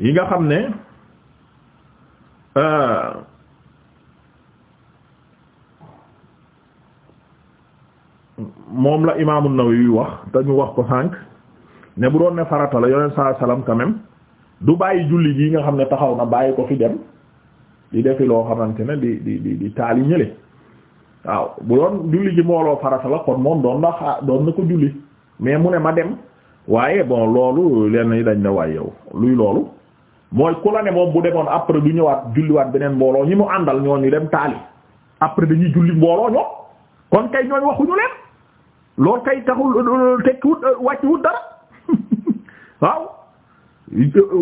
yi nga xam ne euh, moom la imaamu Nawawi wax te ñu wax ko sànq ne bu doon ne farata la yoneen sa salaam quand du bàyyi julli ji nga xam ne taxaw na bàyyi ko fi dem di defi loo xamante ne di di di di taali ñële waaw bu doon julli ji mbooloo farata la kon moom doon na xaa doon na ko julli mais mu ne ma dem waaye bon loolu lenn dañ ne waay yow luy loolu mooy ku la ne moom bu demoon après du ñëwaat julliwaat beneen mbooloo ñi mu àndal ñoo ñooñu dem taali après dañuy julli mbooloo ñoom kon kay ñooñ waxuñu leen loolu kay taxul euh, tekkiwut euh, wàcciwut dara waaw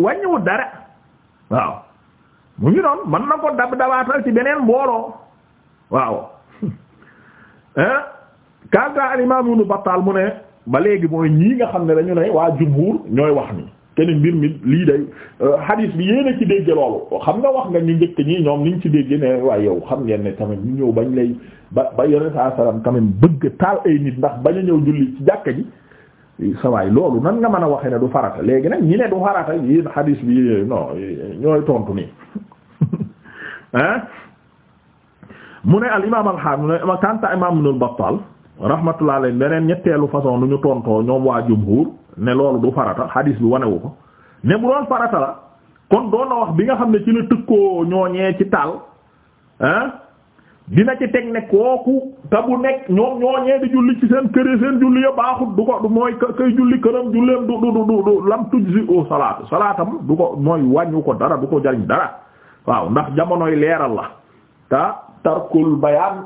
wàññiwut dara waaw mu ngi noonu man na ko dab dabaatal ci beneen mbooloo waaw hein kanta al imam ibn mu ne ba léegi mooy ñii nga xam ne dañu ne waa jumhur ñooy wax nii kenn mbir mi lii day euh, hadis bi yéen ci dégg loolu xam nga wax nga ni njëkk ñi ñoom niñ ci dégg ne waaye yow xam ngeen ne tamit ñu ñëw bañ lay ba ba yore saa salaam tamit bëgg taal ay nit ndax bañ a ñëw julli ci jàkka ji. sawaay loolu nan nga mën a waxee ne du farata léegi nag ñi ne du farata yéen hadis bi ñooy tontu nii ah mu ne al imaam al mu ne kanta imaam Ibnul Battaal rahmatullah alayhi beneen ñetteelu façon nu ñu tontoo ñoom waa jumhur ne loolu du farata xadiis bi wanewu ko ne bu doon farata la kon doon na wax bi nga xam ne ci la tëkkoo ñooñee ci taal ah dina ci teg ne kooku te bu nekk ñoom ñooñee di julli ci seen kër seen julli ya baaxut du ko mooy kay julli këram julleem du du du du lam tujzi o salaatu salaatam du ko mooy wàññu ko dara du ko jariñ dara waaw ndax jamonoy leeral la ta tarkul bayaan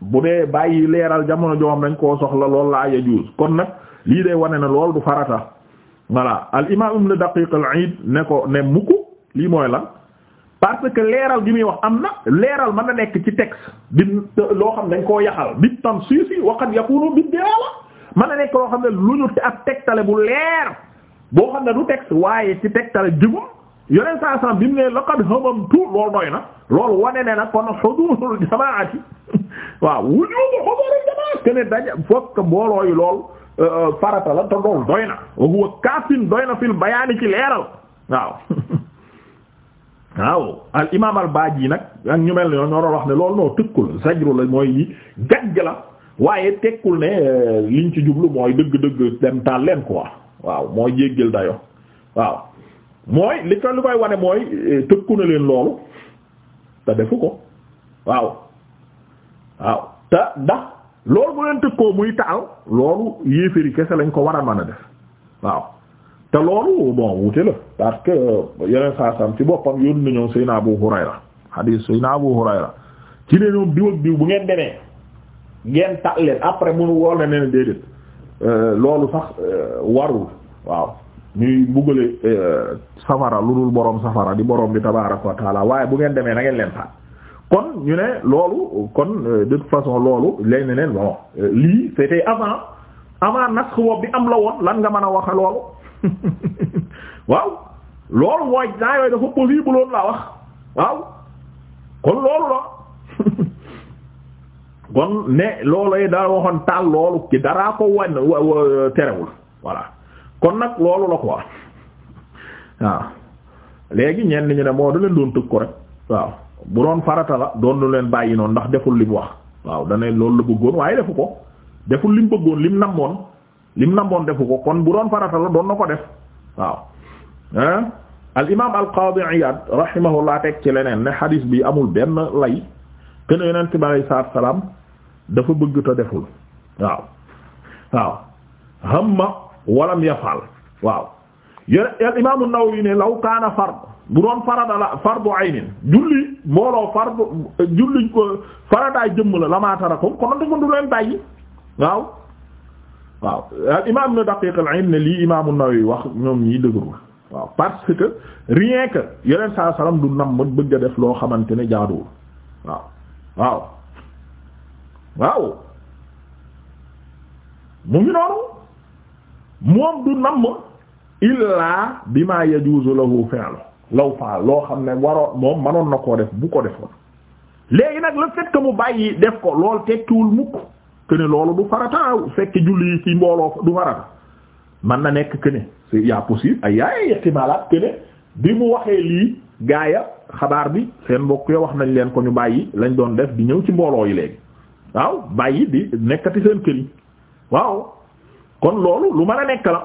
bu dee bàyyi leeral jamono joo dañ nañ koo soxla loolu laa yajuus kon nag lii day wane na lool du farata voilà al imam ibn daqiq al aid ne ko ne mukk lii mooy lan parce que leeral gi muy wax am na leeral man na nekk ci texte bi loo xam dañ koo yaxal bi tam suisi wa qad yakunu bi dilala mën na nekk loo xam ne lu ñu ab tegtale bu leer boo xam ne du texte waaye ci tegtale jëmum yoneen saa san bi mu ne laqad hamamtu loolu doy na lool wane ne nag kon xudurul jamaati waaw wujubu xudurul jamaati kene daja fokk mboolooyu lool Euh, euh, farata la te loolu doy na wa kaafin doy na fil bayaani ci leeral waaw waaw al imaam al baaji nag ak ñu mel ñoo doon wax ne lool noo tëkkul zajru la mooy yi la waaye tekkul ne euh, liñ ci jublu mooy dëgg-dëgg dem taal leen quoi waaw mooy jéggal dayo waaw mooy li ko li koy wane mooy tëkku na leen loolu te defu ko waaw waaw te ndax loolu bu leen tëkkoo muy taal loolu yéeféri kese lañ ko war a mën a def waaw te loolu bon wuute la parce que yeneen saasam ci boppam yoon na ñoom Seydina Abu Hurayra hadith Seydina Abu Hurayra ci ne ñoom diw ak diw bu ngeen demee ngeen taal leen après mu wóor na ne déedéet euh, loolu sax euh, warul waaw ñuy buggale euh, safara lu dul borom safara di borom bi tabaaraka wa taala waaye bu ngeen demee na leen taal kon ñu ne loolu kon euh, de toute façon loolu lay ne neen bon euh, lii c'était avant avant nasx wob bi am la woon lan nga mën a wax loolu waaw loolu mooy naa yooyu dafa possible laa wax waaw kon loolu la kon ne loolu daa waxoon taal loolu ki daraa ko wan terewul voilà kon nag loolu la quoi waaw léegi ñenn ñu ne moo da leen doon tëg ko rek waaw bu doon farata la doon lu leen bàyyi noonu ndax deful li wax waaw dana loolu la bëggoon waaye defu ko deful lim bëggoon lim namboon lim namboon defu ko kon bu doon farata la doon na ko def waaw al imaam al qaadi Iyaad rahimahullah teg ci leneen ne xadiis bi amul benn lay kenn yonent bi alayhi salaatu wa salaam dafa bëgg te deful waaw waaw hamma walam yafal waaw yéen Imaam an yi ne law kaana fard bu doon farada la fardu aynin julli mbooloo fardu julli faradaay jëmm la lamaa tarakum kon dafa du leen bàyyi waaw. waaw Imaam Ibn Daqiq al-Ayn ne lii Imaam An-Nawawi wax ñoom ñii dëgërul waaw parce que rien que yeneen saa salaam du nam bëgg def loo xamante ne jaaduwul waaw waaw waaw mu ngi noonu moom du nam illaa bima yajuzu lahu fi'lu law faal loo xam ne waroon moom manoon na koo def bu ko defoon léegi nag la fait que mu bàyyi def ko lool tekkiwul mukk que ne loolu du farata fekk julli ci mbooloo du farata man na nekk que ne c'est y'a possible ay yaay ihtimaalaat que bi mu waxee lii gaaya xabaar bi seen mbokk yow wax nañ leen ko ñu bàyyi lañ doon def di ñëw ci mbooloo yi léegi waaw bàyyi di nekkati seen kër waaw kon loolu lu mën a nekk la.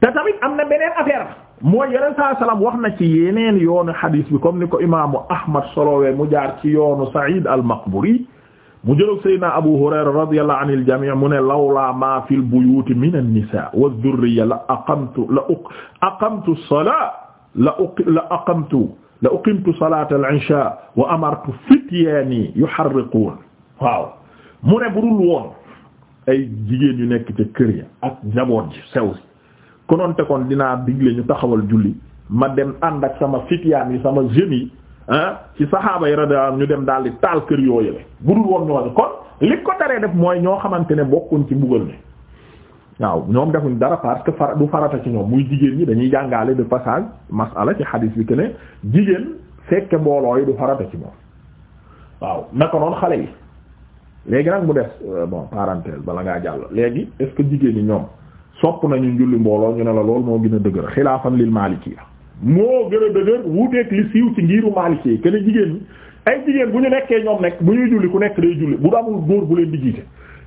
te tamit am na beneen affaire mooy yeneen saa salaam wax na ci yeneen yoonu xadiis bi comme ni ko imaamu Ahmad solowee mu jaar ci yoonu Saïd al-Maqburi mu jëlog Seydina Abu Hurayra radiyallahu anil jamii mu ne lawlaa maa fil buyuuti mina nisaa wa durriya la aqamtu la aqamtu salaa la la aqamtu la uqimtu salaata al-ishaa wa amartu fityaani yuharriquun waaw mu ne budul woon ay jigéen yu nekk ca kër ya ak njaboot ji sew si kononte kon dinaa digle ñu taxawal julli ma dem ànd ak sama fityaan yi sama jeunes yi ah ci saxaaba yi radiyallahu ñu dem daal di taal kër yooyu la bu dul woon ñooñu kon li ko taree def mooy ñoo xamante ne bokkuñ ci mbugal mi waaw ñoom defuñ dara parce que fara du farata ci ñoom muy jigéen ñi dañuy jàngaale de passage masala ci xadiis bi que ne jigéen fekke mbooloo yi du farata ci moom waaw naka noonu xale yi léegi nag mu def euh, bon parenthèse bala ngaa jàll léegi jigéen ñi ñoom. sopp nañu njulli mbooloo ñu ne la lool moo gën a dëgër xilaafan lil maalikiya moo gën a dëgër wuuteeg li siiw ci ngiru maalikiya yi jigéen ñi ay jigéen bu ñu nekkee ñoom nekk bu ñuy julli ku nekk day julli bu amul góor bu leen di jiite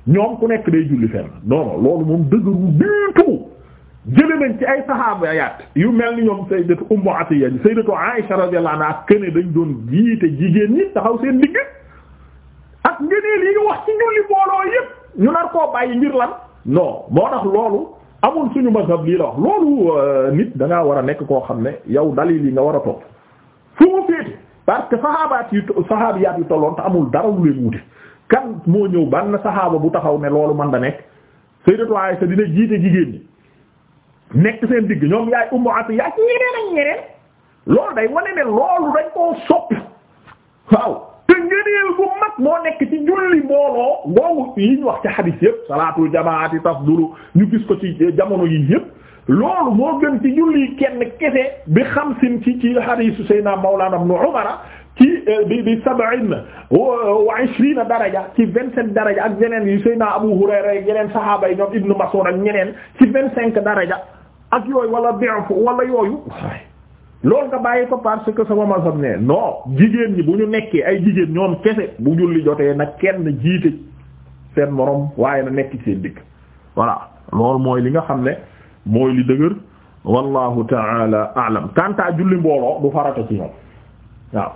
ñoom ku nekk day julli fenn non non loolu moom dëgëru déntu jële nañ ci ay saxaaba yu mel ni ñoom sayyidatu ummu atiya sayyidatu aisha radiyallahu anha kene dañ doon jiite jigéen ñi taxaw seen digg ak ngëneel yi wax lan non tax loolu amul suñu mazhab lii la wax loolu euh, nit da war a nekk koo xam ne yow dalil yi nga war a topp fu mu féete parce que saxaabaat yi saxaabiyaat yi tolloon te amul dara lu leen wute kan moo ñëw ban saxaaba bu taxaw ne loolu man da nekk Sayyidatu Aisha dina jiite jigéen ñi nekk seen digg ñoom yaay Ummu Atiya ñeneen ak ñeneen loolu day wane ne loolu dañ koo sopp waaw. te ngëneel moo nekk ci julli mbooloo ngoogu yi ñu wax ci xadiis yëpp salaatul jamaati tafdulu yu gis ko ci jamono yi yëpp loolu moo gën ci julli kenn kese bi xamsin ci ci xadiisu Seydina Mawlana Ibnu Umar ci eh, bi bi sab'in wa ishrina daraja ci vingt cinq daraja ak yeneen yu Seydina Abu Hurayra yeneen saxaaba yi ñoom Ibnu Mas'ud ak ñeneen ci vingt cinq daraja ak yooyu wala bi'f wala yooyu loolu nga bàyyi ko parce que sama masam ne non jigéen ñi bu ñu nekkee ay jigéen ñoom kese bu julli jotee nag kenn jiite seen moroom waaye na nekk seen dikk voilà loolu mooy li nga xam ne mooy li dëgër wallahu taala alam kanta julli mbooloo du farata ci ñoom waaw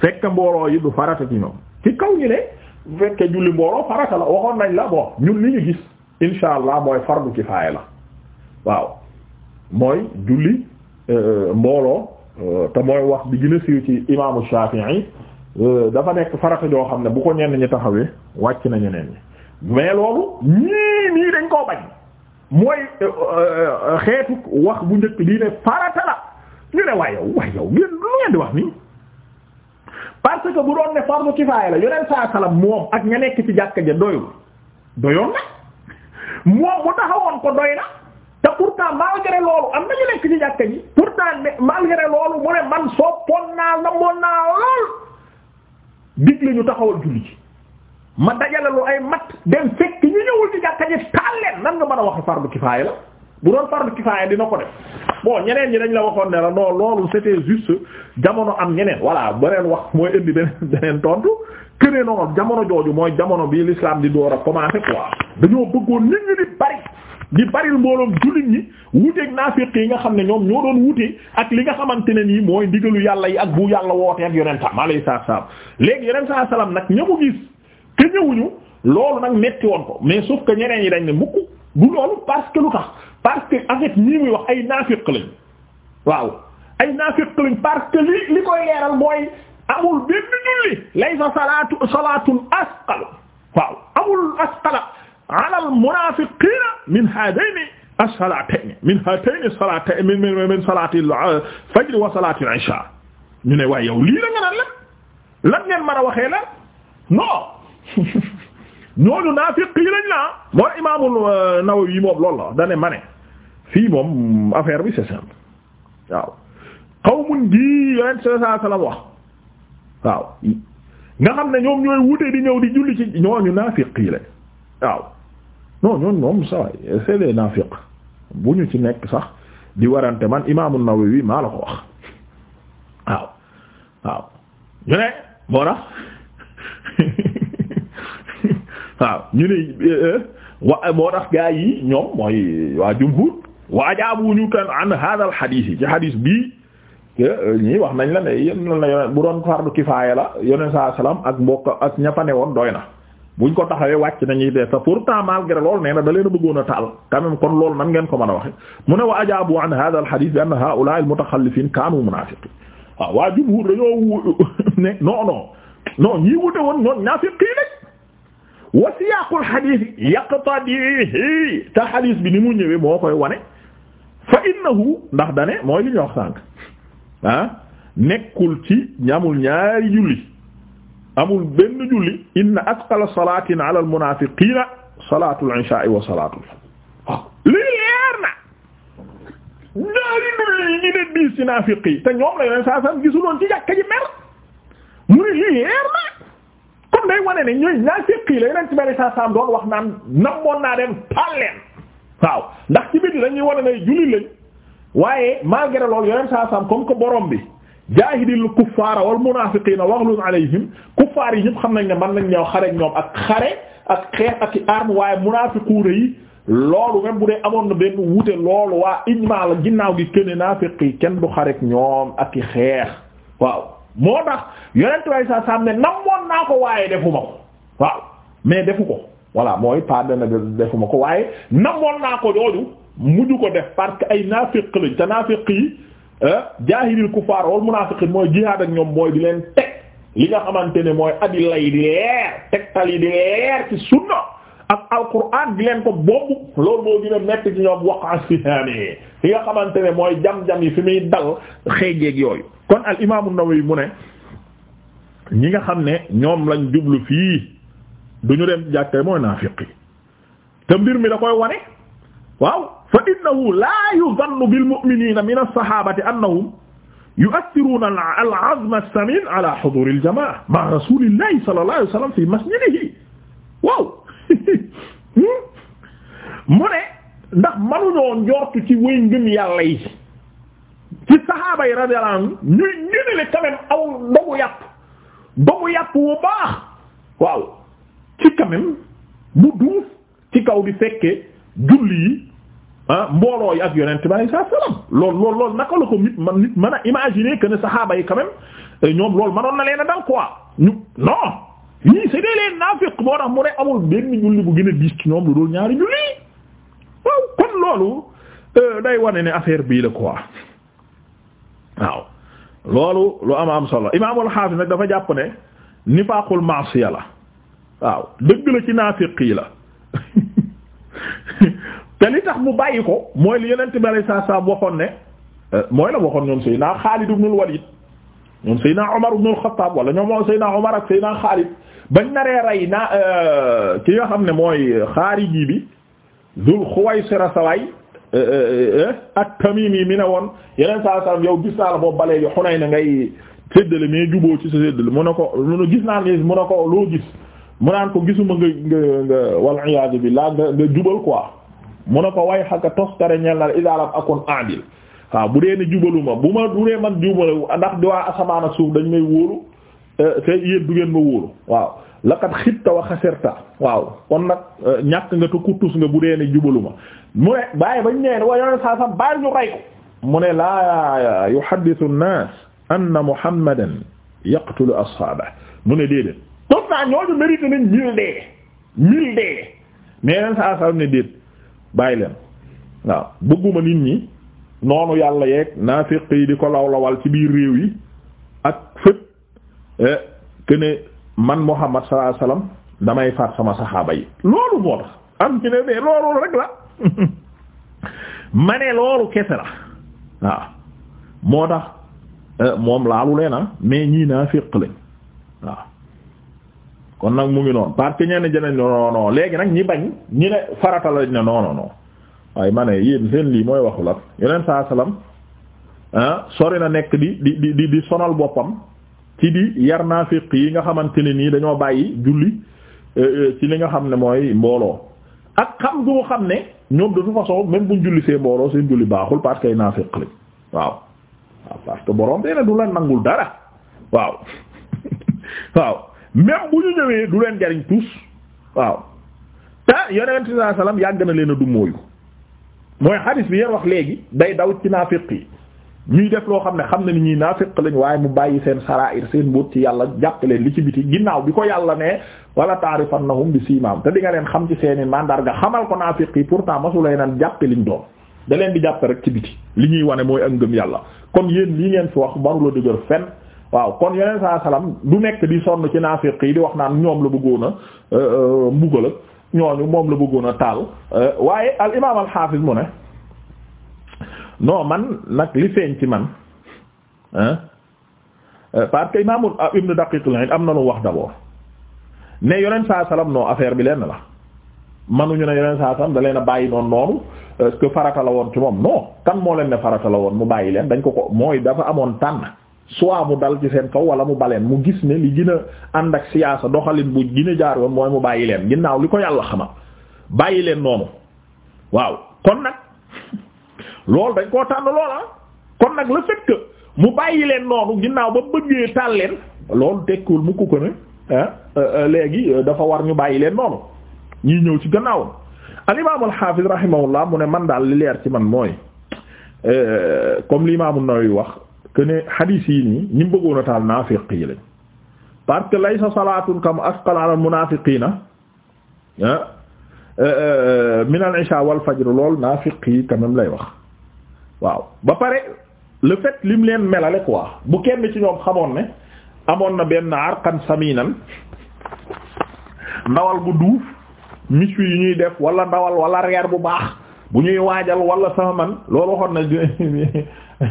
fekk mbooloo yi du farata ci ñoom ci kaw ñu ne fekk julli mbooloo farata la waxoon nañ la bon ñun li ñu gis insha allah mooy fardu kifaaya la waaw mooy julli Euh, mbooloo euh, te mooy wax bi gën a siiw ci imaamu Shafi'i euh, dafa nekk farata joo xam ne bu ko ñenn ñi taxawee wàcc na ñeneen ñi mais loolu ñii nii dañ koo bañ mooy xeetu wax bu njëkk lii ne farata la ñu ne waaye yow waaye yow ngeen lu ngeen di wax nii parce que bu doon ne fardu kifaaya la yoneen saa salaam moom ak ña nekk ci jàkka ja doyul doyoon na moom mu taxawoon ko doy na. te pourtant malgré loolu am nañu nekk ci jàkka ji pourtant malgré loolu mu ne man soppoon naa namoon naa lool digle ñu taxawal julli ci ma dajale ay mat dem fekk ñu ñëwul ci jàkka ji taal leen nan nga mën a wax fardu kifaaya la bu doon fardu kifaaya dina ko def bon ñeneen ñi dañ la waxoon ne la non loolu c'était juste jamono am ñeneen voilà beneen wax mooy indi beneen beneen tontu kënee noonu jamono jooju mooy jamono bi l'islam di door a commencer di baril mbooloom jullit ñi wuuteeg naafiq yi nga xam ne ñoom ñoo doon wuute ak li nga xamante ne nii mooy ndigalu yàlla yi ak bu yàlla wootee ak yonentam sa salaam léegi yonent saa salaam nag ña mu gis te loolu nag metti woon ko mais sauf que ñeneen yi dañ ne mukk bu loolu parce que lu tax parce que en fait ñii muy wax ay naafiq lañ waaw ay naafiq lañ parce que li li koy leeral mooy amul benn julli laysa salaatu salaatun asqal waaw amul asqala ala al munafiqina min hadayni as-salatayni min hatayni as-salatayni min min min salati al-fajr wa salati al-isha ñu ne waaye yow lii la nga naan lan lan ngeen mën a waxee lan non ñooñu naafiq yi lañ la moo imaamul Nawawi moom loolu la dane ma ne fii moom affaire bi c'est simple waaw qawmun ji yonent sallallahu alayhi wasallam wax waaw nga xam ne ñoom ñooy wute di ñëw di julli ci ñooñu naafiq yi lañ waaw non ñoon moom ça c'est bu ñu ci nekk sax di warante man imaamu Nawawi maa la ko wax waaw waaw ñu ne moo tax waaw ñu ne euh, wa moo tax gaa yi ñoom mooy waa jumhur waajaabu ñu kan an hada al yi ci hadith bii euh, ñii wax nañ la ne yéen la bu doon fardu kifaaya la yoneen saa salaam ak mbokk ak ñapane woon doy na bu buñ ko taxawee wàcc nañuy dee pour pourtant malgré lool nee na da leen a bëggoon a taal quand kon loolu nan ngeen ko mën a waxe mu ne wa ajaabu an hadha al hadith bi anna haula al mutakhallifin kaanu munafiqin waaw waa jumhur dañoo ne non non non ñii wute woon ñoon naafiqii nag wa siyaaqul hadith yaqtadihi te hadith bi ni mu ñëwee moo koy wane fa innahu ndax dane mooy li ñu wax sànq ah nekkul ci ñamul ñaari julli amul benn julli inna asqala salaatin ala al munaafiqiina salaatul ishaa wa salaatul fajr waaw lii leer na ñaari julli ñi ne diis ci naafiq yi te ñoom la yoneen saa sam gisuloon ci jàkka ji mer mu ne lii leer na kon day wane ne ñooy naafiq yi la yoneen ci bari saa doon wax naan namoon naa dem taal leen ndax ci biti dañuy wane ne julli lañ waaye malgré loolu yoneen saa sam comme que borom bi jaahidil kuffaara wal munaafiqiina waxlun alayhim kuffaar yi ñëpp xam nañ ne man nañ ñoo xare ñoom ak xare ak xeex ak i arme waaye munaafiquuna yi loolu même bu dee amoon na benn wute loolu waa ijmaa la ginnaaw gi kenn naafiqi kenn du xare ak ñoom ak i xeex waaw moo tax yonent way sa saam ne namoon naa ko waaye defuma ko waaw mais defu ko voilà mooy pas dana defuma ko waaye namoon naa ko jooju mujj ko def parce que ay naafiq lañ te naafiq yi Eh? jaahilil kufaar wal munaafiqiin mooy jihaad ak ñoom mooy di leen teg li nga xamante ne mooy adi lay di leer tegtal yi di leer ci sunna ak alquran di leen ko boobu loolu moo gën a metti ci ñoom waqa sihaami li nga xamante ne mooy jam-jam yi fi muy dal xeejeeg yooyu kon al imaamu yi mu ne ñi nga xam ne ñoom lañ jublu fii du ñu dem jàkkee mooy naafiq te mbir mi da koy wane waaw fa innahu laa yuzannu bil mu'miniina min as-sahaabati annahum yu'aththiruuna al-'azma as-samiin 'alaa huduuri al-jamaa'a ma'a rasuulillaahi sallallaahu alayhi wa sallam fii masjidihi waaw mu ne ndax mënuñoo njort ci wéy ngëm yàlla yi ci sahaaba yi radiyallaahu anhum ñuy ñenele quand même aw ndogu yàpp ndogu yàpp wu baax waaw ci quand même bu duuf ci kaw di fekke julli yi ah mbooloo yi ak yonent bi alayhi salaam lool lool lool naka la ko nit man nit mën a imaginer que ne saxaaba yi quand même euh, ñoom loolu mënoon na leen a dal quoi ñu non yii c'est des naafiq moo tax mu ne amul benn julli bu gën a diis ci ñoom lu dul ñaari julli waaw kon loolu euh, day wane ne affaire bii la quoi waaw loolu lu am am solo imaamul xaafis nag dafa jàpp ne nifaaqul ma'siya la waaw dëgg la ci naafiq yi la. te li tax mu bàyyi ko mooy li yonent bi alayhi salaam waxoon ne euh, mooy la waxoon ñoom Seydina Xaalid ibnul Walid ñoom Seydina Omar ibnul Xattaab wala ñoom Seydina Omar ak Seydina Xaalid bañ naree rey naa euh, ki nga xam ne mooy xaariji bi Zul Xuwaysira sawaay euh, at-Tamimi mi ne woon yeneen saa salaam yow gis naa la boobu balee yi xunay na ngay séddale mais juboo ci sa séddale mu ne ko lu gis naa ni mu ko loo gis mu naan ko gisuma nga nga nga wal iyaadu billah mu ne ko way xaka toskare ñel na la idaalam akun aadil waaw bu dee ne jubaluma bu ma bu dee man jubalu ndax di waa asamaan suuf dañ may wóolu eh, te yéen du ngeen ma wóolu waaw laqad xibta wa xasirta waaw kon nag eh, ñàkk nga te kuttus nga bu dee ne jubaluma mu ne bàyyi bañ nee ne waa yoneen saa sam bàyyi ñu rey ko mu ne laa yuhaddithu an-nas anna muhammadan yaqtulu ashabahu ne déedéet saa ne déet bàyyi leen waaw bëgguma nit ñi noonu yàlla naa naafiq yi di ko lawlawal ci biir réew yi ak fët eh, que man Muhammad sallallahu alayhi damay faat sama saxaaba yi loolu moo tax am ci ne mais loolu rek la ma loolu kese la waaw moo tax eh, moom laalu leena ah, mais ñii naafiq lañ waaw kon nag mu ngi noonu parce que ñenn jëneñ non non léegi nag ñi bañ ñi ne lañ ne non waaye ma ne yéen seen lii mooy waxu la yeneen saa salaam ah, sori na nekk di di di di sonal boppam ci di yar naafiq yi nga xamante ne nii dañoo bàyyi julli euh, euh, ci li nga xam ne mooy mbooloo ak xam du xam ne ñoom de toute façon même buñ julli see mbooloo seen julli baaxul parce que ay naafiq lañ waaw parce que boroom dee na du la nangul dara waaw waaw. même bu ñu ñëwee du leen jariñ tous waaw te yonent sallallahu yàgg na leen a du mooyu mooy xadis bi yéen wax léegi day daw ci naafiq yi ñuy def loo xam ne xam na ni ñuy naafiq lañ waaye mu bàyyi seen sarair seen mbóot ci yàlla jàppale li ci biti ginnaaw bi ko yàlla ne wala taarifannahum bi siimaam te di nga leen xam ci seeni mandarga xamal ko naafiq yi pourtant masu lay naan jàppe liñ doon da leen di jàppe ci biti li ñuy wane mooy ak ngëm yàlla kon yéen lii ngeen fi wax barula dëgër fen waaw kon yeneen saa salaam du nekk di sonn ci naafiq yi di wax naan ñoom la bëggoon a euh, euh, mbugal ak ñooñu moom la bëggoon a taal euh, waaye al imaam al xaafis mu ne non man nag li feeñ ci man parce que imaamu ibnu daqiq al am na lu wax d'abord ne yoneen saa salaam non affaire bi lenn la manuñu ne yeneen saa salaam da leen bàyyi noonu noonu est que farata la woon ci moom non kan moo leen ne farata la woon mu bàyyi leen dañ ko ko mooy dafa amoon tànn. soit mu dal ci seen kaw wala mu baleen mu gis ne li gën a ànd ak siyaasa doxalin bu gën a jaar yoon mooy mu bàyyi leen ginnaaw li ko yàlla xamal bàyyi leen noonu waaw kon nag loolu dañ koo tànn loola kon nag le fait mu bàyyi leen noonu ginnaaw ba bëggee taal leen loolu tekkiwul mu ko ne euh, euh, léegi euh, dafa war ñu bàyyi leen noonu ñuy ñëw ci gannaawam al imaam al xaafis rahimahullah mu ne man daal li leer ci man mooy comme li imaam an-Nawawi wax que ne hadith yi nii ñi mu bëggoon a taal naafiq yi lañ parce que laysa salaatun kam asqal ala munaafiqiina ah, eh, eh, min al isha wal fajr lool naafiq yi quand lay wax waaw ba pare le lim leen melale quoi bu kenn ci ñoom xamoon ne amoon na benn arqan saminan ndawal bu duuf miss yu ñuy def wala ndawal wala reer bu baax. bu ñuy waajal wala sama man loolu waxoon na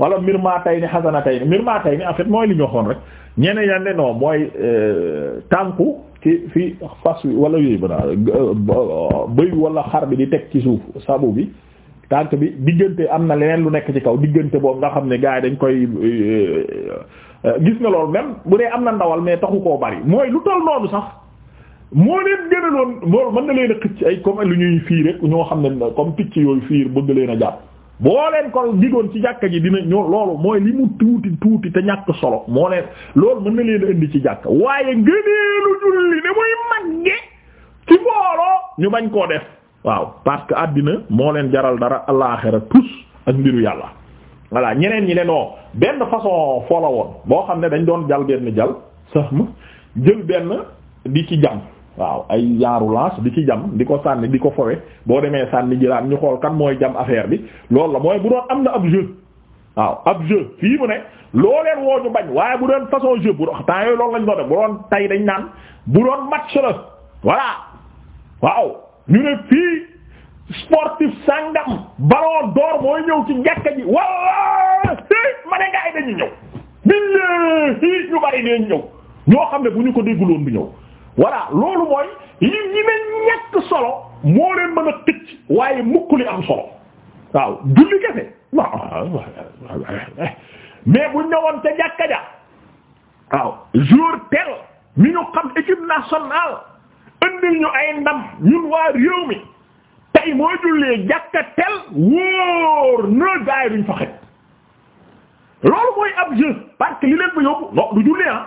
wala mbir maa tay ni xasana tay ni mbir maa tay ni en fait mooy li ñu waxoon rek ñeneen ñan ne mooy euh, tànku ci fi fas wi wala yooyu ba euh, bëy wala xar bi di teg ci suuf sabu bi tànk bi diggante am na leneen lu nekk ci kaw diggante boobu nga xam ne gars yi dañ koy euh, gis nga loolu même bu dee am na ndawal mais taxu koo bari mooy lu toll noonu sax. moo leen gënaloon loolu mën na leen a xëcc ay comme lu ñuy fii rek ñoo xam ne comme picc yooyu fiir bëgg leen a jàpp boo leen ko digoon ci jàkka ji dina ñoo loolu mooy li mu tuuti tuuti te ñàkk solo moo leen loolu mën na leen indi ci jàkka waaye ngëneelu julli ne muy magge ci mbooloo ñu bañ koo def waaw parce que àddina moo leen jaral dara alaaxira tus ak mbiru yàlla voilà ñeneen ñi ne non benn façon foo woon boo xam ne dañ doon jal benn jal sax benn di ci jàmm waaw ay yaaru lance di ci jam di ko sànni di ko fowe boo demee sànni jëlaat ñu xool kan mooy jam affaire bi loolu la mooy bu doon am na ab jeu waaw ab jeu fii mu ne loo woo ñu bañ waaye bu doon façon jeu bu doon temps yooyu loolu lañ doon def bu doon tay dañ naan bu doon match la voilà waaw ñu ne fii sportif sangam ballon d'or mooy ñëw ci njàkka ji wala ma ne gars yi ñëw ñu bari dañ ñëw ñoo xam ne bu ñu ko dégguloon bi ñëw voilà loolu mooy yi ñi ne ñekk solo moo leen mën a xëcc waaye mukk li am solo waaw julli kese mais buñ ne ca jàkka ja waaw jour tel mi ñu xam équipe nationale andil ñu ay ndam ñun waa réew mi tey moo jullee jàkka tel wóor na gaay duñ fa xëcc loolu mooy ab jeu parce li leen ba yóbbu non du julli ah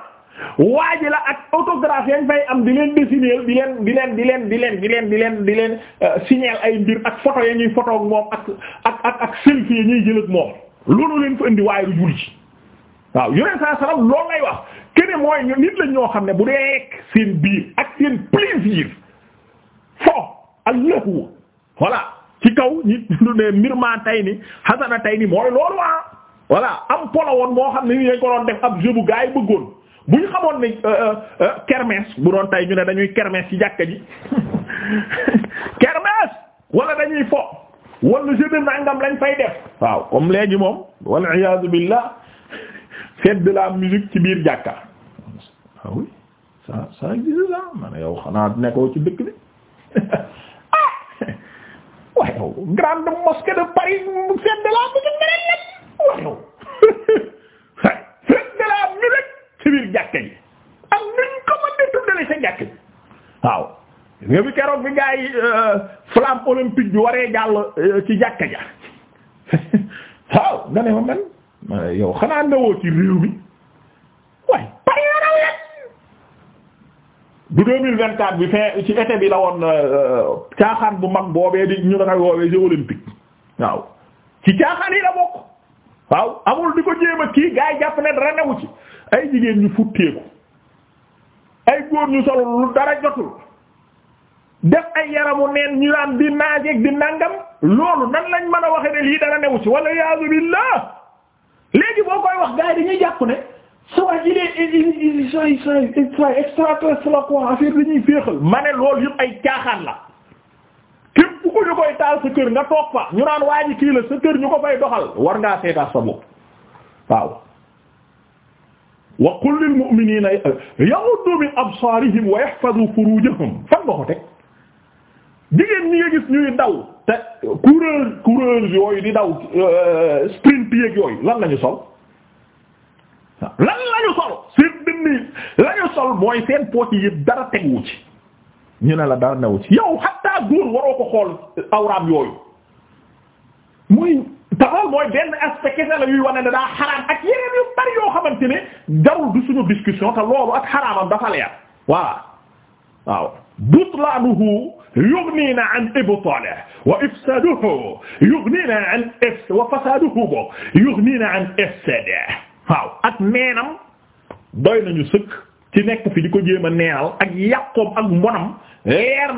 waa la ak autographe yañ fay am di leen dessiner di leen di leen di leen di leen di leen di leen di euh, ay mbir ak photo ya ñuy photo ak moom ak ak ak ak selfie ya ñuy jël ak moom loolu leen fa waaye du ci waaw yeneen saa salaam loolu lay wax kene mooy nit lañ ñoo xam ne bu dee lekk seen biir ak seen plaisir fo allahu voilà ci kaw ñi lu ne mirma tay ni xasana tay ni mooy loolu waa ah. voilà am polo woon moo xam ne ni dañ ko doon def ab jeu bu bu ñu xamoon ne euh, euh, euh, kermesse bu doon tey ñu ne dañuy kermesse ci jàkka ji kermesse wala dañuy fo wala jënd nangam lañ fay def. waaw comme léegi moom wal iyaazu billah fête la musique ci biir jàkka ah oui ça ne yow xanaa nekkoo ci dëkk bi ah! waaye yow grande mosquée de Paris fête la musique beneen lépp ci biir jàkka ji ak nuñ ko mën di tuddale sa jàkka ji waaw nga bi keroog bi gaa yi euh, flamme olympique bi waree jàll euh, ci jàkka ja waaw nga ne ma man yow xanaa ndawoo ci réew mi waaye pare yoo raw leen bu deux vingt quatre bi fin ci été bi la woon euh, caaxaan bu mag boobee di ñu dangay woowee jeux olympiques waaw ci caaxaan yi la bokk waaw amul di ko jéem a kii gaa yi jàpp ne dara newu ci ay jigéen ñu futteeku ay góor ñu solo lu dara jotul def ay yaramu neen ñu am di naajeeg di nangam loolu nan lañ mën a waxe ne lii dara newu si wala yaazu billah léegi boo koy wax gars yi dañuy jàpp ne saway il est say say say extraterrestre la quoi affaire dañuy féexal ma ne loolu yëpp ay caaxaan la képp ku ñu koy taal sa kër nga toog fa ñu naan waa ji kii la sa kër ñu ko fay doxal war ngaa seetaat sa bopp waaw wa qul lil mu'minina yaghuddu min absarihim wa yahfazu furujahum fan nga ko teg jigéen gis ñuy daw te coureur coureurs di daw euh, sprint yeeg yooyu lan lañu sol lan lañu sol mooy seen poche yi dara teguwu ci ñu ne la dara newu ci yow hatta góor waroo ko xool awraam yooyu muy te mooy benn aspect kese la yuy wane ne daa xaraam ak yeneen yu bari yoo xamante ne jarul du suñu discussion te loolu ak xaraamam dafa leer voilà waaw butlaanuhu yughniina an ibtaalihi wa ifsaaduhu yughniina an ifs wa fasaaduhu bo yughniina an ifsaadihi waaw ak neenam doy nañu sëkk ci nekk fi di ko jéem a neenal ak yàqoom ak mbonam leer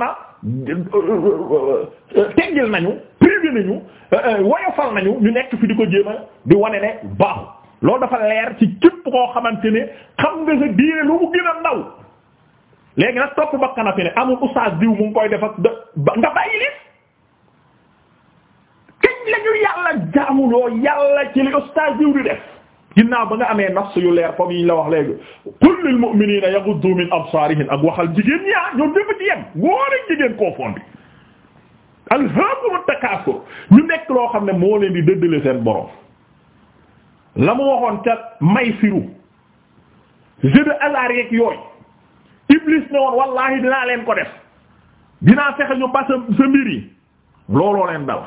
teggil nañu privé nañu euh, woyofal nañu ñu nekk fi di ko jéem di wane ne baaxul loolu dafa leer ci képp koo xamante ne xam nga sa diine lu mu gën ndaw léegi nag topp ba kanam ne amul oustaz diw mu ngi koy def ak nga bàyyi leen kañ la yàlla jaamu yàlla ci li oustaz diw di def. ginnaaw ba nga amee nafs yu leer comme yi ñu la wax léegi qul lil mu'minina yaghuddu min absarihim ak waxal jigéen ñaa ah, ñoom ñëpp ci yem góor ak jigéen koo fondi alhaakumu takaasur ñu nekk loo xam ne moo leen di dëddale seen borom la mu waxoon ca may firu jeu de hasard yeeg iblis ne woon wallahi dinaa leen ko def dinaa fexe ñu ba sa sa mbir yi looloo leen dal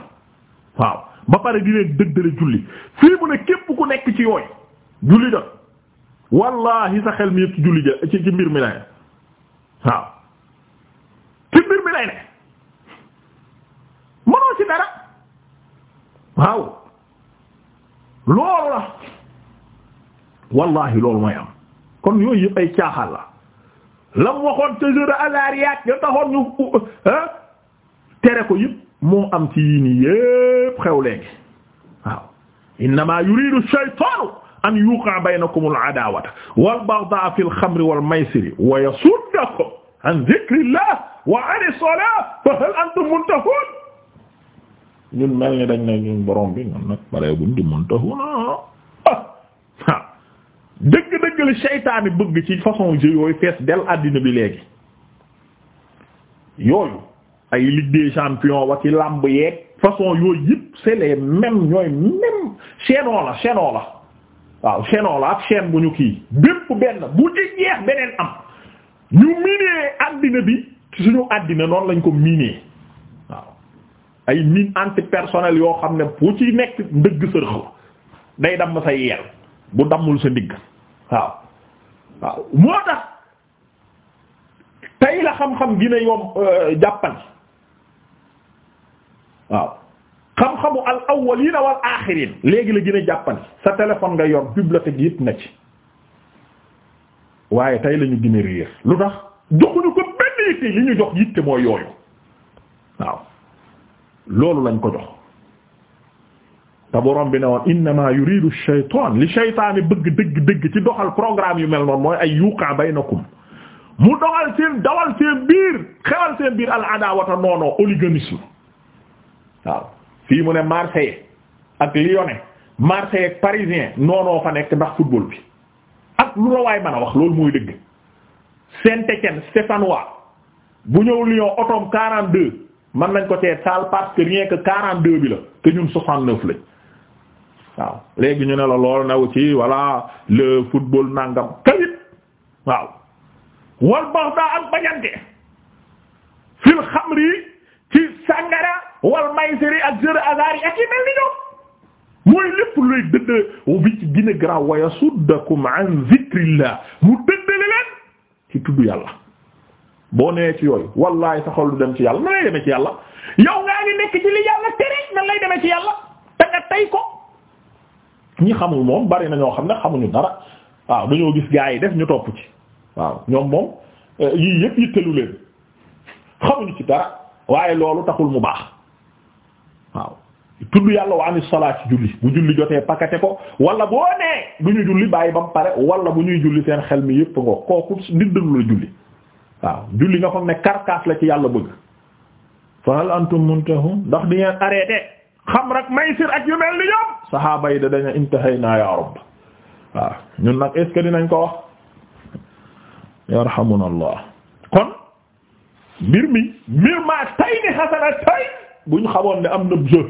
waaw ba pare di leen dëddale julli fii mu ne képp ku nekk ci yooyu julli da wallahi sa xel mi yëpp ci julli mi lay ne waaw mi lay ne mënoo ci dara waaw loolu la wallahi loolu mooy am kon yooyu ay caaxal la lam waxoon te jeu de hasard yaat tere ko yëpp moo am ci yii nii yëpp xew léegi waaw innama an yuqa baynakum al adawata wal baghdha fil khamri wal maysiri wa yasuddakum an dhikrillah wa an as-salah fa hal antum muntahun ñun mel ni dañ ne ñun borom bi ñun nag bare buñ di muntahuna ah dëgg-dëgg li seytaane bëgg ci façon jeu yooyu fees del àddina bi léegi yooyu ay ligue des champions wa ci làmb yeeg façon yooyu yëpp c'est les mêmes ñooy même chaînon la chaînon la waaw chaînon la ab chaîne bu ñu kii bépp benn bu ci jeex beneen am ñu miinee àddina bi suñu àddina noonu lañ ko miinee waaw ay mine antipersonnel yoo xam ne bu ci nekk ndëgg sërx la day damm sa yeel bu dammul sa ndigg waaw waaw moo tax tey la xam-xam gina yom euh, jàppal waaw xam-xamu al awwalina wal axirin léegi la gën a sa téléphone nga yor bibliothèque na ci waaye tey la ñu gën a réer lu tax joxuñu ko benn yitte li ñu mooy yooyu waaw loolu lañ ko jox te borom bi ne woon innama yuridu shaytan li shaytaani bëgg dëgg dëgg ci doxal programme yu mel noonu mooy ay yuqa baynakum mu doxal seen dawal seen biir xewal seen biir al adawata noonoo oliganisme waaw fii mu ne Marseille ak Lyonnais Marseille ak Parisien noonoo fa nekk ndax football bi ak lu la waay mën a wax loolu mooy dëgg Saint-Étienne Stéphanois bu ñëw Lyon otoom 42 man nañ ko tee taal parce que rien que 42 bi la te ñun 69 lañ waaw léegi ñu ne la lool naw ci voilà le football nangam kawit waaw wal baxda ak bañante fil xamri ci sangara wal maysiri ak jër azar ak yi mel ni ñoom mooy lépp luy dëdd bi ci gën a garaaw wa mu dëddale ci yàlla boo nee ci yooyu wallahi sa xol du dem ci yàlla na lay demee ci yàlla te nga tey ko ñi xamul moom bari na ñoo xam ne xamuñu dara waaw dañoo gis gaa yi def ñu topp ci waaw ñoom moom eh, yii yëpp yittelu leen xamuñu ci dara waaye loolu taxul mu baax tudd yàlla wa ani salaat ci julli bu julli jotee pakate ko wala boo nee du ñu julli bàyyi ba mu pare wala bu ñuy julli seen xel mi yëpp nga kooku ndiddal la julli waaw julli nga xam ne karkaas la ci yàlla bëgg fa hal antum muntahun ndax di ngeen arrêté xam rek maysir ak yu mel ni ñoom saxaaba yi da dañu intahaynaa ya rabb waaw ñun nag est ce que dinañ ko wax yarhamunallah kon mbir mi mbir ma tay ni xasana tay buñ xamoon ne am na jeu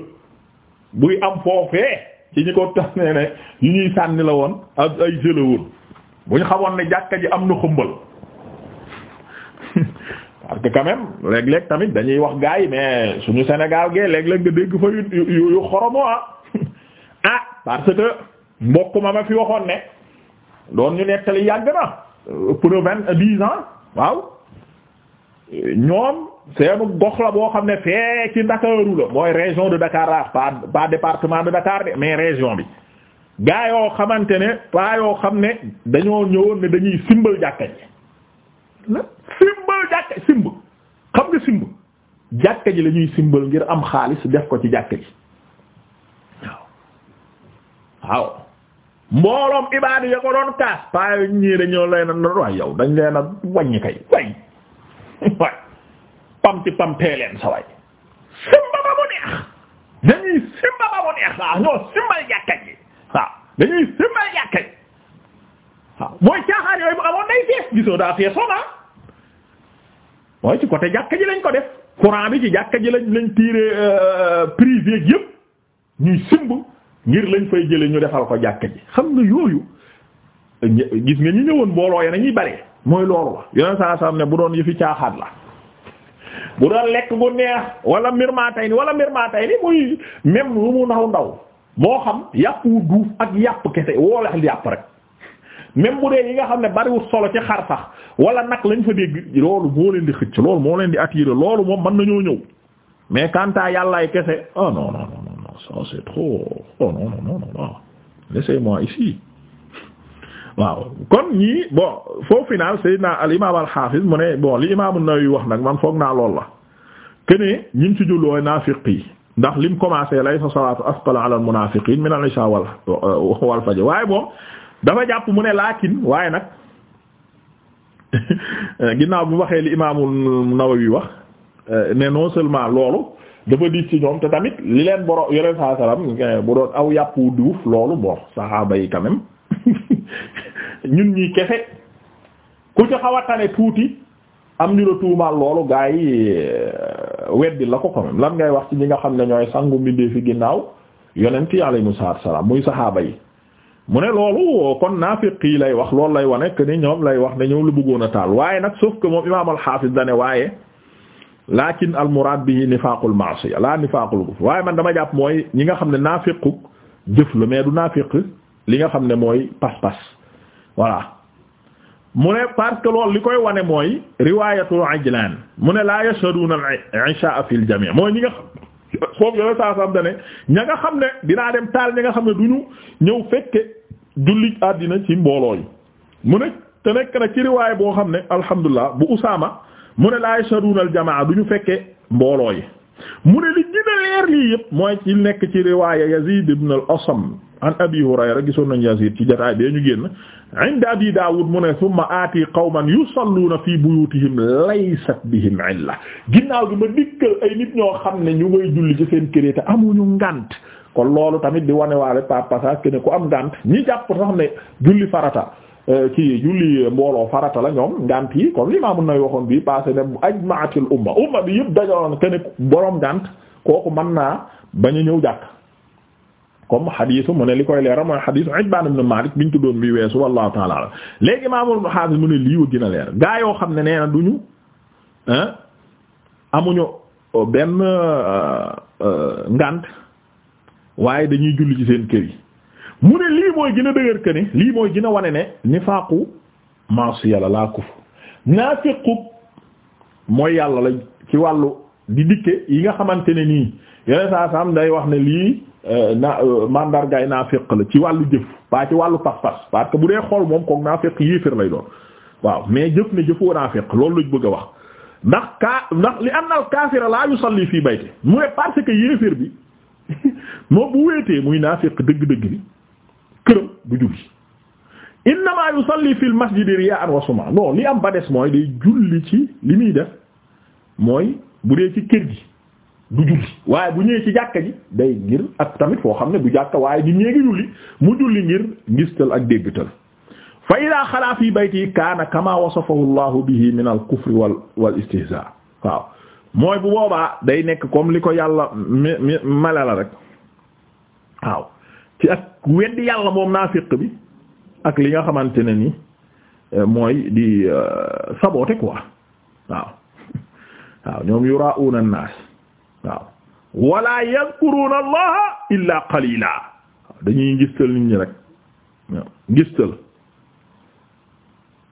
buy am foofee ci ñi ko tax nee ne ñuy sànni la woon ak ay jëla woon bu ñu xamoon ne jàkka ji am na xumbal parce que quand même léeg tamit dañuy wax gars yi mais suñu Sénégal gee léeg-léeg nga dégg fa yu yu xoromo ah ah parce que mbokk ma ma fi waxoon ne doon ñu nettali yàgg na pour vingt dix ans waaw ñoom seenu gox la boo xam ne fee ci Ndakaaru mooy région de Dakar la pas pas de Dakar de mais région bi gaa yoo xamante ne pas yoo xam ne dañoo ñëwoon ne dañuy simbal jàkka ji simbal jàkka simb xam nga simb jàkka ji la simbal ngir am xaalis def ko ci jàkka ji waaw waaw mbooloom ibaadu ya ko doon kaas pas ñii dañoo lay na noonu waaye yow dañ leen a wàññi kay way pam ci pam teeleen sa waay simba ba mu neex dañuy simba ba mu neex waaw simbal jàkka ji waaw dañuy simbal jàkka ji waaw mooy caaxaar yooyu bu amoon day fees gisoo daa feesoona mooy ci côté jàkka ji ko def bi ci jàkka ji lañ lañ tiré euh, privé yëpp ñuy simb ngir lañ fay jële ñu defal ko jàkka ji xam nga yooyu gis nga ñu ñëwoon mbooloo ya nañuy bare mooy loolu la yeneen saa saa ne bu doon yëfi caaxaat la bu doon lekk gu neex wala mirmatayni wala mirmatayni muy même lu mu ndaw ndaw moo xam yàpp wu duuf ak yàpp kese woolex yàpp rek même bu dee yi nga xam ne bariwul solo ci xar sax wala nag lañ fa dégg loolu moo leen di xëcc loolu moo leen di attirer loolu moom mën nañoo ñëw mais quant à yàllaay kese oh non non non non ça c'est trop oh non non non non laissez-moi ici waaw kon ñii bon foo final Seydina al imaam al xaafis mu ne bon li imaam An-Nawawi wax nag man foog naa lool la keneen ñim ci jullooy naafiq ndax lim commencé lay sa salaatu asqala ala al munaafiqiin min al ishaa wal uh, wal fajr waaye moom dafa jàpp mu ne laakin waaye nag ginnaaw bu waxee li imaam An-Nawawi wax eh, ne non seulement loolu dafa diis ci ñoom te tamit li leen boro yore saa salaam eh, bu doon aw yàppu duuf loolu bon saxaaba yi quand ñun ñi kese ku ci xaw tuuti am ñu la tuumaal loolu gaa yi euh, weddi la ko ko même lan ngay wax ci ñi nga xam ne ñooy sangu mbindee fi ginnaaw yonent yi alayhimu salaam muy saxaaba yi mu ne loolu kon naafiq yi lay wax loolu lay wane que ni ñoom lay wax ne ñëw lu bëggoon a taal waaye nag sauf que moom imaam al-Hafiz dane waaye lakin al bi bihi nifaaqul ma'siya la nifaaqul kufr waaye man dama jàpp mooy ñi nga xam ne naafiquk jëf la mais du naafiq li nga xam ne mooy voilà mu ne parce que loolu li koy wane mooy riwaayatu Ajlaan mu ne laa yashhaduuna al-ishaa fil jamii' mooy ñi nga xam foofu yooyu saa sam dane ña nga xam ne dinaa dem taal ña nga xam ne du ñu ñëw fekke julli àddina ci mbooloo mu ne te nekk na ci riwaay boo xam ne alhamdulilah bu Usaama mu ne laa yashhaduuna al-jamaa du ñu fekke mbooloo yi mu ne li gën a lii yëpp mooy ci nekk ci riwaaya Yazid ibn al-Asam an Abi Hurayra gisoon nañ Yazid ci jotaay bee ñu génn inde abi daawud mu ne summa aati qawman yusalluuna fi buyutihim laysat bihim la ginnaaw gi ma dikkal ay nit ñoo xam ne ñu ngay julli ci seen kër amuñu ngànt kon loolu tamit di wanewaale par passage que ne ku am ngànt ñi jàpp sax ne julli farata ci euh, julli mbooloo farata la ñoom ngànt yi comme li Imaam Nawawi waxoon bi passé ne ajmaatil umma umma bi yëpp dajaloon kene boroom ngànt kooku mën naa bañ a ñëw jàkk comme xadiisu mu ne li koy leeral mooy xadiisu Itbaan ibn Maalik biñ tuddoon bi weesu wallahu taala ala léegi Imaamul Xaafis mu ne lii wa gën a leer gaa yoo xam ne nee na duñu amuñu euh, benn euh, euh, ngànt waaye dañuy julli ci seen kër yi mu ne lii mooy gën a dëgër que ne lii mooy gën a wane ne nifaaqu maasiya la laa kufr naafiqu mooy yàlla la ci wàllu di dikke yi nga xamante ne nii yeneen saa saam day ne lii Euh, na euh, mandargaay naafiq la ci wàllu jëf pas ci wàllu pas-pas parce que bu dee xool moom koog naafiq yéefér lay doon waaw mais jëf na jëfoo naafiq loolu lañ bëgg wax ndax kaa ndax li anna al kaafira la yusalli fii bayti mu ne que yéefér bi moom bu wéetee muy naafiq dëgg-dëgg bi këram bu julli innama yusalli fil masjidi riya'an wa sum'a li am ba des mooy day julli ci li muy def mooy bu dee ci kër gi du julli waaye bu ñëwee ci jàkka ji day ngir ak tamit foo xam ne du jàkka waaye nit ñee ngi julli mu julli ngir ngistal ak déggtal fa ida xalaa fii bayti kaana kama wasafahu llahu bihi min al wal wal istihza waaw mooy bu boobaa day nekk comme li ko yàlla mala la rek waaw ci ak weddi bi ak li nga xamante ne ni eh, mooy di eh, saboote ko waaw waaw ñoom yuraa'una an-nas waaw wala yadkuruna allaha illa qalila dañuy ngistal nit ñi rek waaw ngistal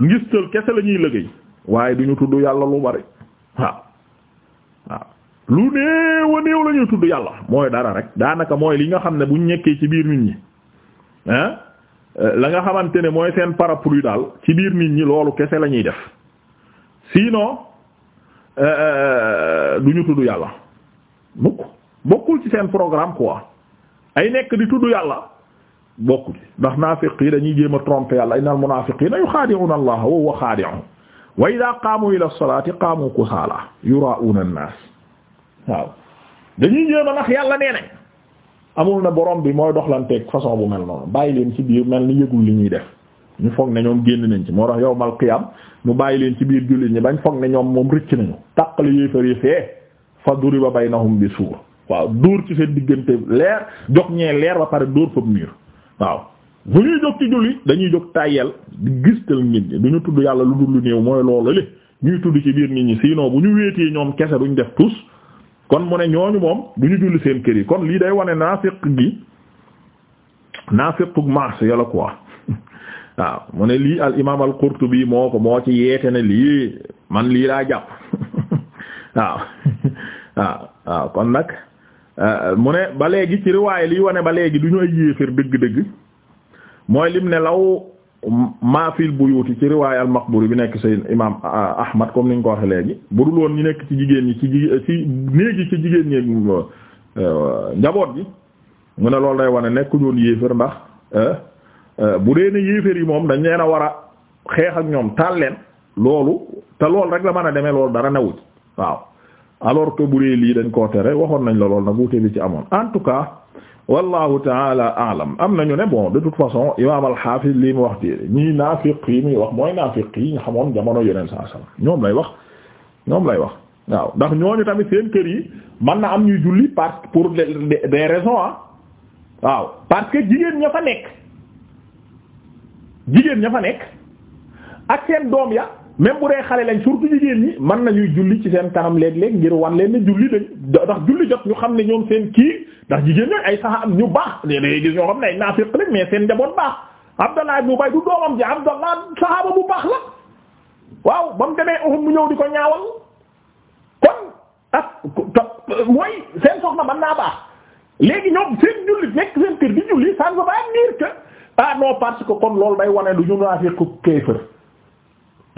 ngistal kese la ñuy waaye duñu tudd yàlla lu bari waaw waaw lu néewa néew la tudd yàlla mooy dara rek daanaka mooy li nga xam ne buñ nekkee ci biir nit ñi hein la nga xamante ne mooy seen parapluie daal ci biir nit ñi loolu kese lañuy def def sinon euh, euh, euh, duñu tudd yàlla mukk bokkul ci seen programme quoi ay nekk di tudd yàlla bokkul ndax naafiq yi dañuy jéem a tromper yàlla innal munaafiqiina yuxaadi'uuna allaha wa huwa xaadi'uhum wa idaa qaamu ila salaati qaamu kusaala yuraa'uuna an-naas waaw dañuy jéem ndax yàlla nee amul na borom bi mooy doxlanteeg façon bu mel noonu bàyyi leen ci biir mel ni yëgul li ñuy def ñu foog ne ñoom génn nañ ci moo tax yawmal qiyaam mu bàyyi leen ci biir jullit ñi bañ foog ne ñoom moom rëcc fa duriba baynahum bi suur waaw dóor ci seen diggante leer jox ñee leer ba pare dóor fa mur waaw bu ñuy jóg ci julli dañuy jóg tàyyel di gistal nit ñi du tudd yàlla lu dul lu néew mooy loolu lé ñuy tudd ci biir nit ñi sinon bu ñu wéetee ñoom kese duñu def tus kon mu ne ñooñu moom du julli seen kër yi kon lii day wane naafiq gi naafiquk mars yàlla quoi waaw mu ne lii al imaam al Qurtubi moo ko moo ci yeete ne lii man lii laa jàpp waaw waaw waaw kon nag euh, mu ne ba léegi ci riwaay liy wane ba léegi du ñu ay yéeféer dëgg-dëgg mooy lim ne law maa fil buyuti ci riwaay al maqburi bi nekk say imaam euh, ahmad comme ni ñu ko waxe léegi bu dul woon ñu nekk ci jigéen ñi ci jigéen ci néegi ci jigéen ñeeg euh, njaboot gi mu ne loolu day wane nekkuñu woon yéeféer ndax bu dee ne yéeféer yi moom dañ leen a war a xeex ak ñoom taal leen loolu te lool rek la mën a demee lool dara newu waaw alors que dee lii dañ koo tere waxoon nañ la lool nag wuute bi ci amoon en tout cas wallahu taala alam am nañu ne bon de toute façon imaam hafiz lii mu wax di ñii naafiq yi muy wax mooy naafiq yi nga xamoon jamono yeneen sa sallam ñoom lay wax ñoom lay wax waaw ndax ñooñu tamit seen kër yi man na am ñuy julli parce que pour des raisons ah waaw parce que jigéen ña fa nekk jigéen ña fa nekk ak seen doom ya même bu xale lañ surtout jigéen ñi mën nañuy julli ci seen kanam léeg-léeg ngir wan leen ne julli dañ ndax julli jot ñu xam ne ñoom seen kii ndax jigéen ñooy ay sax am ñu baax léeg-léeg gis ñoo xam ne ay naafiq lañ mais seen njaboot baax Abdallah ibn Ubay du doomam ji Abdallah saxaaba bu la waaw ba mu demee mu ñëw di ko ñaawal kon ak mooy seen naa baax léegi ñoom seen julli nekk seen kër di julli ça ne veut pas dire ah non parce kon loolu day wane du ñu naafiq kéefër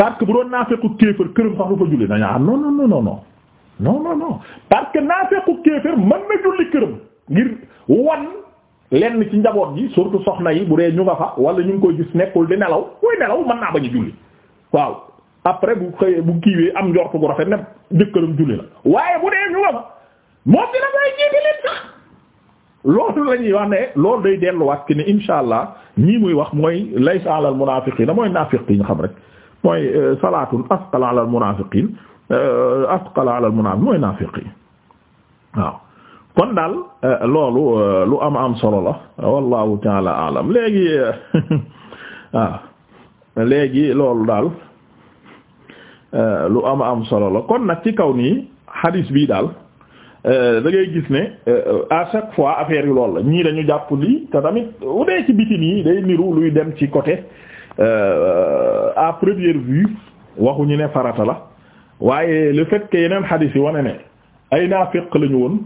parce que bu doon naafeeku kéefër këram sax du fa julli dañaa am non non non non non non non non parce que naafeeku kéefër mën na julli këram ngir wan lenn ci njaboot ji surtout soxna yi bu dee ñu nga fa wala ñu ngi koy gis nekkul di nelaw koy nelaw mën naa bañ a julli waaw après bu xëyee bu kiiwee am njortu gu rafet ne jëkkëram julli la waaye bu dee ñu nga fa moom dina mooy jiite leen sax loolu la ñuy wax ne loolu day delluwaat ki ne insha allah ñii muy wax mooy laysa alal munaafiqiina mooy naafiq yi nga xam rek. mooy euh, salaatun asqala ala al munafiqin euh, asqala ala al munafiqin mooy naafiqi waaw kon daal euh, loolu lu am am solo la wallahu taala alam léegi loolu daal lu am am solo la kon nag ci kaw nii hadis bii daal da ngay gis ne à chaque fois affaire yi loolu la ñii dañu jàpp lii te tamit bu ci biti nii day niru luy dem ci côté Euh, euh, à première vue waxuñu ne farata la waaye le fait yeneen xadiis yi wane ne ay naafiq lañu woon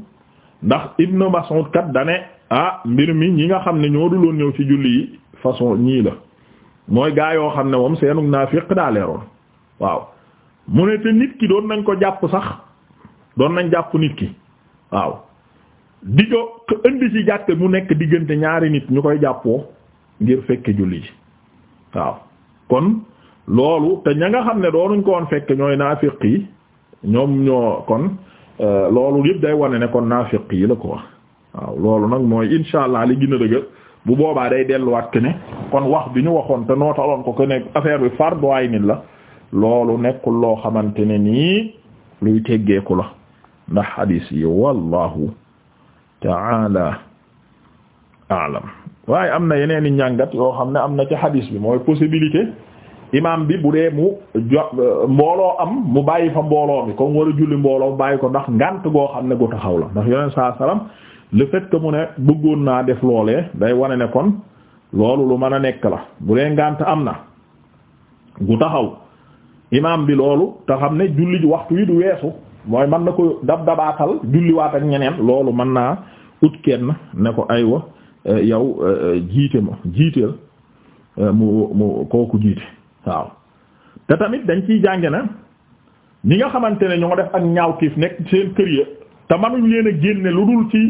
ndax Ibn Mas'ud kat dane ah mbir mi ñi nga xam ne ñoo duloon ñëw ci julli yi façon ñii la mooy gaa yoo xam ne moom seenu naafiq daa leeroon waaw mu ne te nit ki doon nañ ko jàpp sax doon nañ jàpp nit ki waaw di ko indi ci jàkk mu nekk diggante ñaari nit ñu koy jàppoo ngir fekke julli yi waaw kon loolu te ña nga xam ne doonuñ ko won fekk ñooy naafiq yi ñoom ñoo kon euh, loolu yëpp day wane ne kon naafiq yi la ko wax waaw loolu nag mooy insha allah li gën a dëgër bu boobaa day delluwaat ke ne kon wax bi ñu waxoon te nootaloon ko que ne affaire bi fardu ayni la loolu nekkul loo xamante ne nii luy teggeeku la ndax hadis yi wallahu ta'ala a'lam waaye am na yeneen i njàngat yoo xam ne am na ci hadis bi mooy possibilité imam bi bu dee mu euh, mbooloo am mu bàyyi fa mbooloo mi comme war a julli mbooloo bàyyi ko ndax ngànt goo xam ne gu taxaw la ndax yeneen saa salaam le fait que mu ne bëggoon naa def loolee day wane ne kon loolu lu mën a nekk la bu dee ngànt am na gu taxaw imam bi loolu te xam ne julli waxtu yi du weesu mooy mën na ko dab dabaatal julliwaat ak ñeneen loolu mën naa ut kenn ne ko aywa. Euh, yow euh, euh, jiite ma jiiteel mu mu kooku jiite waaw te tamit dañ ciy jànge na ñi nga xamante ne ñoo def ak ñaaw kiif nekk seen kër ya te manuñ leen a génne lu dul ci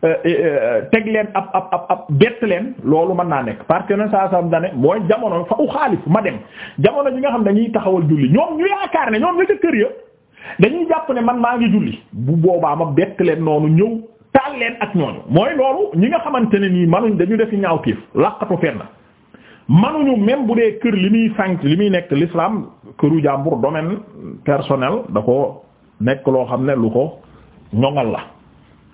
teg leen ab ab ab bett leen loolu mën naa nekk parce que na saa sam dane mooy jamono fa u xaalif ma dem jamono ji nga xam dañuy taxawal julli ñoom ñu yaakaar ne ñoom ña ca kër ya dañuy jàpp ne man maa ngi julli bu boobaa ma bett leen noonu ñëw taal leen ak ñooñu mooy loolu ñi nga xamante ne nii manuñ dañu defi ñaaw tiif laqatu fenn manuñu même bu dee kër li muy sànq li muy nekk l'islam këru jàmbur domaine personnel da ko nekk loo xam ne lu ko ñoŋal la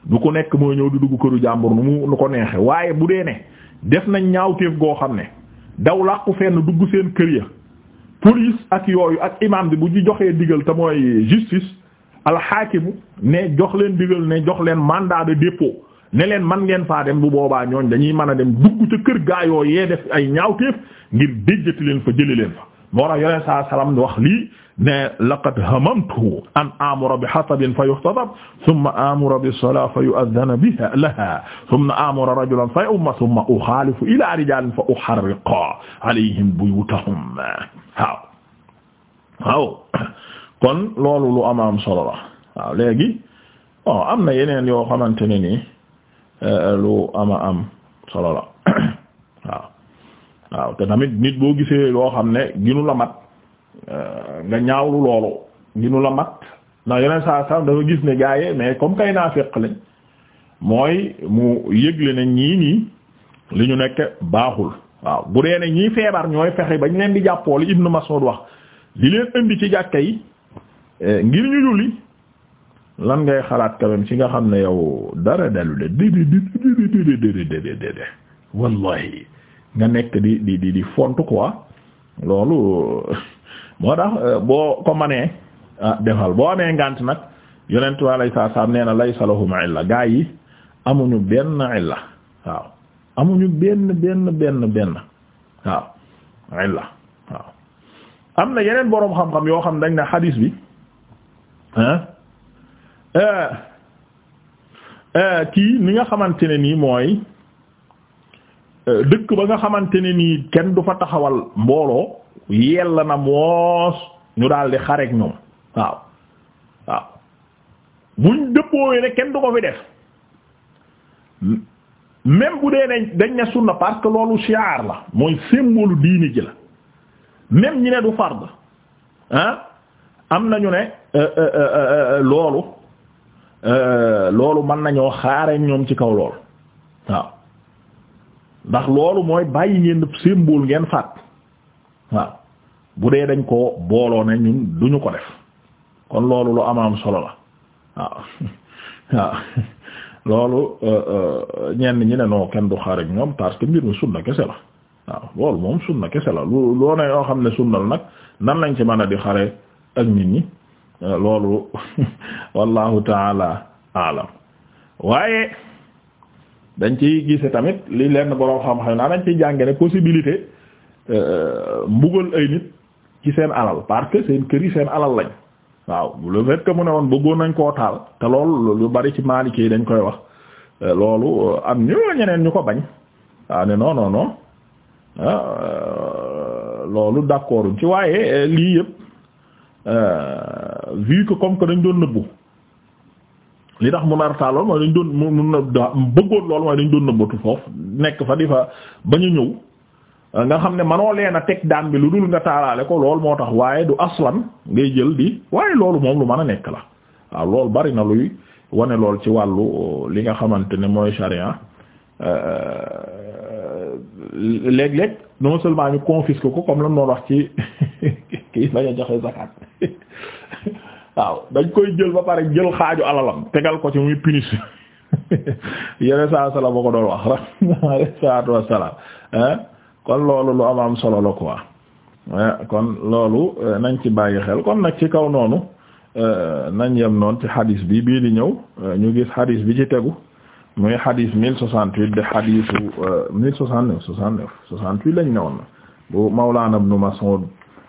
du ko nekk moo ñëw di dugg këru jàmbur nu mu lu ko neexee waaye bu dee ne def nañ ñaawteef goo xam ne daw làqu fenn dugg seen kër ya police ak yooyu ak imam bi bu ñu joxee digal te mooy justice alxaakimu ne jox leen digal ne jox leen mandat de dépôt ne leen man ngeen faa dem bu boobaa ñooñ dañuy mën a dem dugg kër gaayo yee def ay ñaaw ñaawteef ngir déjjati leen fa jëli leen fa moo tax yoneen salaam wax lii ne laqad hamamtu an amura bi hatabin fa yuhtatab thumma amura bi salaa fa yu'adhana biha laha thumma amura rajulan fa ya'umma thumma ukhalifu ila rijalin fa uharriqa alayhim buyutahum waaw waaw kon loolu lu ama am solo la waaw léegi bon am na yeneen yoo xamante ne nii euh, lu ama am solo la waaw waaw te tamit nit boo gisee loo xam ne ginu la mat euh, nga ñaawlu loolu ginu la mat ndax yeneen saa saa dafa gis ne gaaye mais comme kay naa fekk lañ mooy mu yëgle ne ñii nii li ñu nekk baaxul waaw bu dee ne ñii feebar ñooy fexe bañ leen di jàppoo li ma Mas'ud wax li leen indi ci jàkka yi ngir ñu julli lan ngay xalaat quand ci nga xam ne yow dara di nekk boo ko nag saam am na dalu la bi Euh, euh, kii ni nga xamante ne nii mooy euh, dëkk ba nga xamante ne nii kenn du fa taxawal mbooloo yella na moos ñu daal di xareek ñoom waaw waaw buñ dëppoowee ne kenn du ko fi def même bu dee ne dañ ne sunna parce que loolu shiar la mooy symbole diini ji la même ñi ne du fard ah am nañu ne Euh, euh, euh, loolu loolu mën nañoo xaaree ñoom ci kaw lool waaw ndax loolu mooy bàyyi ngeen symbole ngeen faat waaw bu dee dañ ko booloo ne ñun duñu ko def kon loolu lu am am solo la waaw waaw loolu ñenn ñi ne noo kenn du xaareek ñoom parce que mbir mi sunna kese la waaw loolu moom na kese la lu loo ne xam ne sunna la nag nan lañ ci mën a di xare ak nit ñi loolu wallahu taala alam waaye dañ ci gise tamit li lenn boroom xam-xam naa dañ ciy jànge ne possibilité euh, mbugal ay nit ci seen alal parce que seen kër yi seen alal lañ waaw le fait mu ne woon bëggoon nañ koo taal te loolu lu bari ci maalikee yi dañ koy wax euh, loolu am ñu ñeneen ñu ko bañ waaw ne non ah, euh, loolu d'accorduñ ci waaye lii yëpp vu ko comme que dañ doon nëbbu li tax mu nar taaloon mooy dañ doon mu bëggoon loolu mooy dañ doon foofu nekk fa di fa ba ñu ñëw euh, nga xam ne manoo leen a teg daan bi lu dul nga taalaale ko loolu moo tax waaye du aslan ngay jël di waaye loolu moom lu mën a nekk la waaw loolu bari na luy wane lool ci wàllu euh, li nga xamante ne mooy charia euh, léeg-léeg non seulement ñu confisque ko comme la noonu wax ci kii bañ a joxe zakat waaw dañ koy jël ba pare jël xaaju alalam tegal ko ci muy pinis yeneen saa sala ba ko doon wax rek salaatu wassalaam kon loolu lu am am solo la quoi kon loolu eh, nañ ci bàyyi xel kon nag ci kaw noonu eh, nañ yem noonu ci xadis bi bii di ñëw eh, ñu gis xadis bi ci tegu muy xadis mille soixante-huit de xadisu mille soixante-neuf soixante-neuf soixante-huit lañ ne woon bu Mawlana Ibn Mas'ud